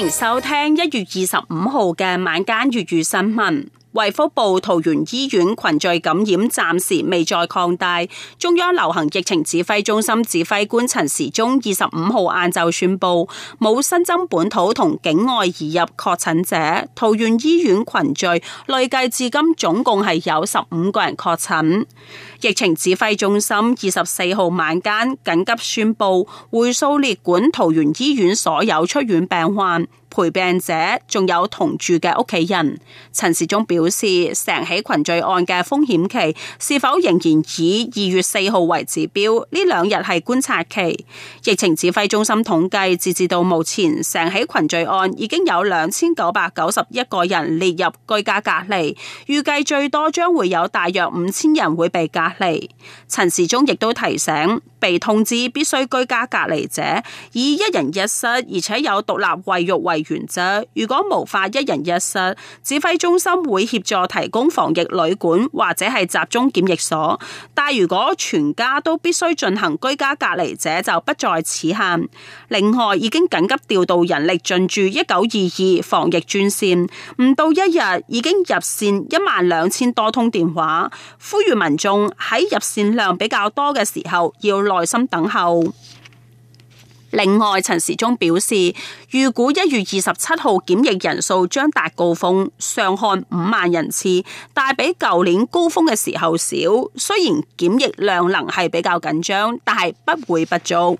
歡迎收聽一月二十五號嘅晚間粵語新聞。衛福部桃園醫院群聚感染暫時未再擴大。中央流行疫情指揮中心指揮官陳時中二十五號晏晝宣布，冇新增本土同境外移入確診者。桃園醫院群聚累計至今總共係有十五個人確診。疫情指揮中心二十四號晚間緊急宣布，會蘇列管桃園醫院所有出院病患、陪病者，仲有同住嘅屋企人。陳時中表示，成起群聚案嘅風險期是否仍然以二月四號為指標？呢兩日係觀察期。疫情指揮中心統計，截至到目前，成起群聚案已經有兩千九百九十一個人列入居家隔離，預計最多將會有大約五千人會被隔嚟，陳時中亦都提醒，被通知必須居家隔離者以一人一室，而且有獨立衛浴為原則。如果無法一人一室，指揮中心會協助提供防疫旅館或者係集中檢疫所。但如果全家都必須進行居家隔離者就不在此限。另外，已經緊急調度人力進駐一九二二防疫專線，唔到一日已經入線一萬兩千多通電話，呼籲民眾。喺入線量比較多嘅時候，要耐心等候。另外，陳時中表示，預估一月二十七號檢疫人數將達高峰，上看五萬人次，但比舊年高峰嘅時候少。雖然檢疫量能係比較緊張，但係不會不足。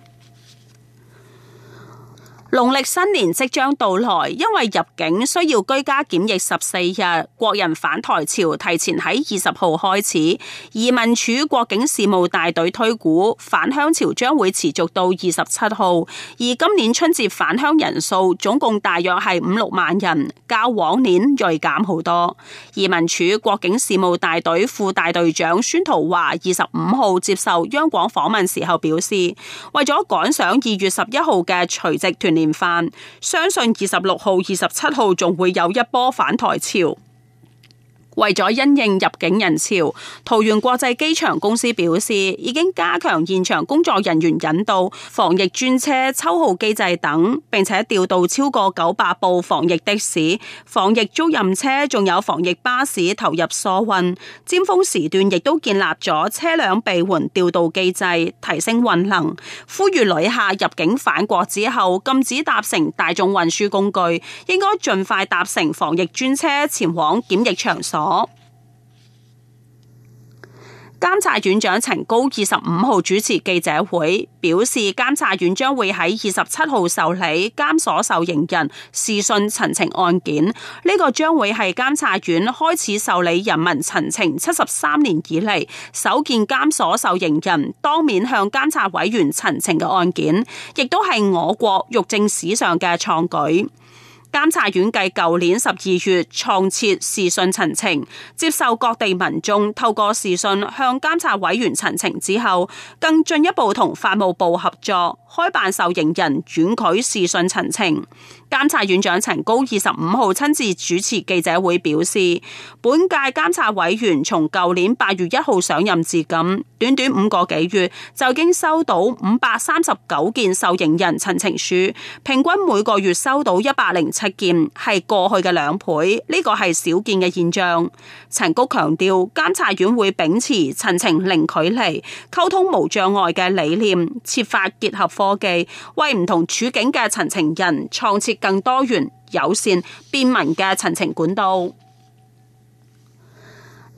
農曆新年即將到來，因為入境需要居家檢疫十四日，國人返台潮提前喺二十號開始。移民署國境事務大隊推估，返鄉潮將會持續到二十七號，而今年春節返鄉人數總共大約係五六萬人，較往年銳減好多。移民署國境事務大隊副大隊長孫濤華二十五號接受央廣訪問時候表示，為咗趕上二月十一號嘅除夕團。年飯，相信二十六號、二十七號仲會有一波返台潮。為咗因應入境人潮，桃園國際機場公司表示，已經加強現場工作人員引導、防疫專車抽號機制等，並且調度超過九百部防疫的士、防疫租賃車，仲有防疫巴士投入疏運。尖峰時段亦都建立咗車輛備援調度機制，提升運能。呼籲旅客入境返國之後禁止搭乘大眾運輸工具，應該盡快搭乘防疫專車前往檢疫場所。監察院長陳高二十五號主持記者會，表示監察院將會喺二十七號受理監所受刑人視訊陳情案件，呢、這個將會係監察院開始受理人民陳情七十三年以嚟首件監所受刑人當面向監察委員陳情嘅案件，亦都係我國獄政史上嘅創舉。監察院繼舊年十二月創設視訊陳情，接受各地民眾透過視訊向監察委員陳情之後，更進一步同法務部合作開辦受刑人遠距視訊陳情。監察院長陳高二十五號親自主持記者會表示，本屆監察委員從舊年八月一號上任至今，短短五個幾月就已經收到五百三十九件受刑人陳情書，平均每個月收到一百零七七件係過去嘅兩倍，呢、這個係少見嘅現象。陳菊強調，監察院會秉持陳情零距離溝通無障礙嘅理念，設法結合科技，為唔同處境嘅陳情人創設更多元、友善、便民嘅陳情管道。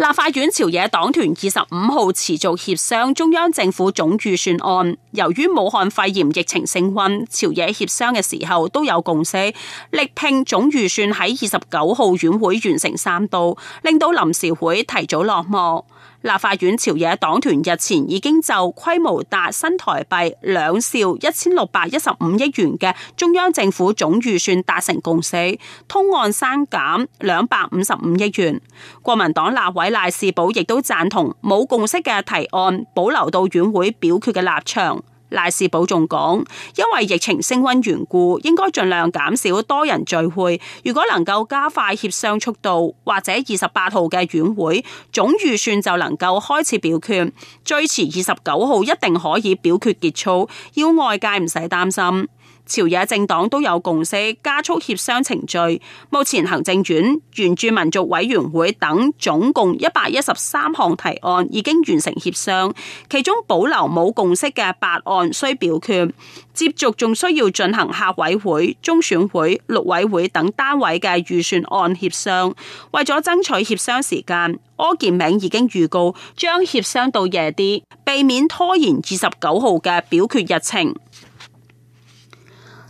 立法院朝野黨團二十五號持續協商中央政府總預算案，由於武漢肺炎疫情升温，朝野協商嘅時候都有共識，力拼總預算喺二十九號院會完成三讀，令到臨時會提早落幕。立法院朝野黨團日前已經就規模達新台幣兩兆一千六百一十五億元嘅中央政府總預算達成共識，通案刪減兩百五十五億元。國民黨立委賴士葆亦都贊同冇共識嘅提案保留到院會表決嘅立場。賴士葆仲講，因為疫情升溫緣故，應該盡量減少多人聚會。如果能夠加快協商速度，或者二十八號嘅院會總預算就能夠開始表決，最遲二十九號一定可以表決結束，要外界唔使擔心。朝野政黨都有共識加速協商程序。目前行政院原住民族委員會等總共一百一十三項提案已經完成協商，其中保留冇共識嘅八案需表決。接續仲需要進行客委會、中選會、陸委會等單位嘅預算案協商。為咗爭取協商時間，柯建銘已經預告將協商到夜啲，避免拖延二十九號嘅表決日程。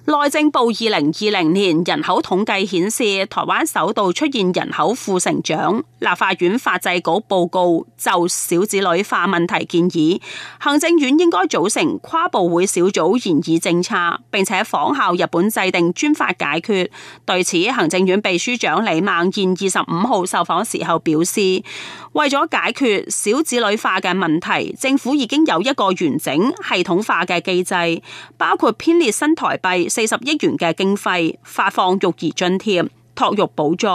內政部二零二零年人口統計顯示，台灣首度出現人口負成長。立法院法制局報告就少子女化問題建議，行政院應該組成跨部會小組研議政策，並且仿效日本制定專法解決。對此，行政院秘書長李孟諺二十五號受訪時候表示，為咗解決少子女化嘅問題，政府已經有一個完整系統化嘅機制，包括編列新台幣。四十億元嘅經費發放育兒津貼。托育補助、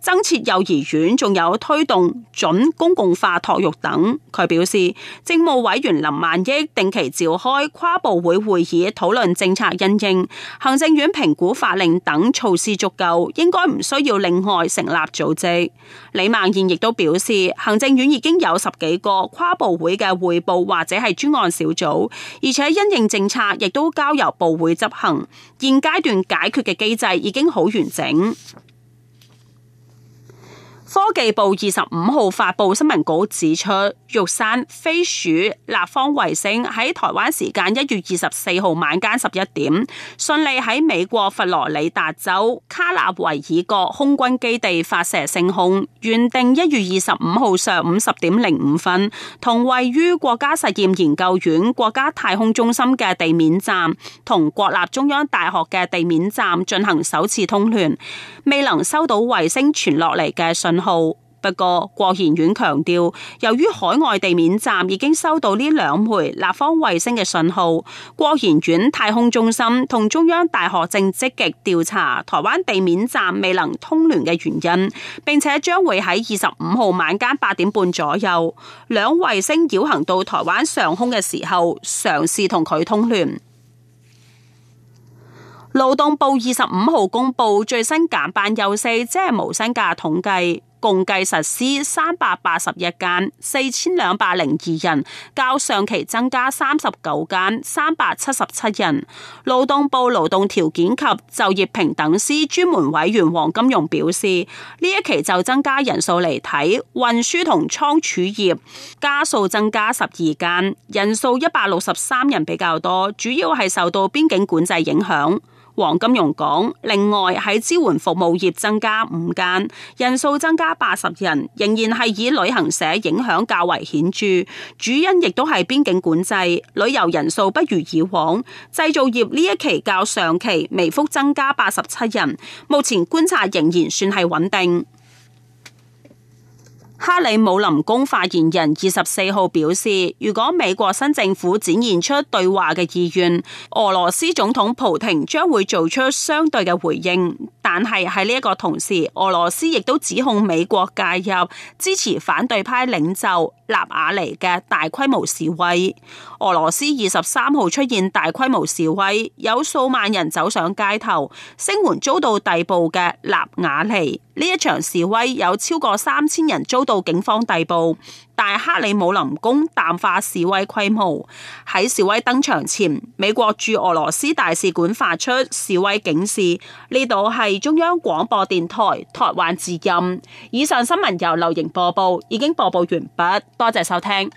增設幼兒園，仲有推動準公共化托育等。佢表示，政務委員林萬益定期召開跨部會會議討論政策，因應行政院評估法令等措施足夠，應該唔需要另外成立組織。李孟燕亦都表示，行政院已經有十幾個跨部會嘅匯報或者係專案小組，而且因應政策亦都交由部會執行。現階段解決嘅機制已經好完整。科技部二十五號發佈新聞稿指出，玉山飛鼠立方衛星喺台灣時間一月二十四號晚間十一點，順利喺美國佛羅里達州卡納維爾角空軍基地發射升空，原定一月二十五號上午十點零五分，同位於國家實驗研究院國家太空中心嘅地面站同國立中央大學嘅地面站進行首次通聯，未能收到衛星傳落嚟嘅信。號不過，國研院強調，由於海外地面站已經收到呢兩枚立方衛星嘅信號，國研院太空中心同中央大學正積極調查台灣地面站未能通聯嘅原因，并且將會喺二十五號晚間八點半左右，兩衛星繞行到台灣上空嘅時候，嘗試同佢通聯。勞動部二十五號公布最新減班休息，即係無薪假統計。共計實施三百八十一間，四千兩百零二人，較上期增加三十九間，三百七十七人。勞動部勞動條件及就業平等司專門委員黃金融表示，呢一期就增加人數嚟睇，運輸同倉儲業家數增加十二間，人數一百六十三人比較多，主要係受到邊境管制影響。黃金融講，另外喺支援服務業增加五間，人數增加八十人，仍然係以旅行社影響較為顯著，主因亦都係邊境管制，旅遊人數不如以往。製造業呢一期較上期微幅增加八十七人，目前觀察仍然算係穩定。哈里姆林宮發言人二十四號表示，如果美國新政府展現出對話嘅意願，俄羅斯總統普廷將會做出相對嘅回應。但係喺呢一個同時，俄羅斯亦都指控美國介入支持反對派領袖。納瓦尼嘅大規模示威，俄羅斯二十三號出現大規模示威，有數萬人走上街頭，聲援遭到逮捕嘅納瓦尼。呢一場示威有超過三千人遭到警方逮捕。大克里姆林宮淡化示威規模。喺示威登場前，美國駐俄羅斯大使館發出示威警示。呢度係中央廣播電台台灣之音。以上新聞由劉瑩播報，已經播報完畢。多謝收聽。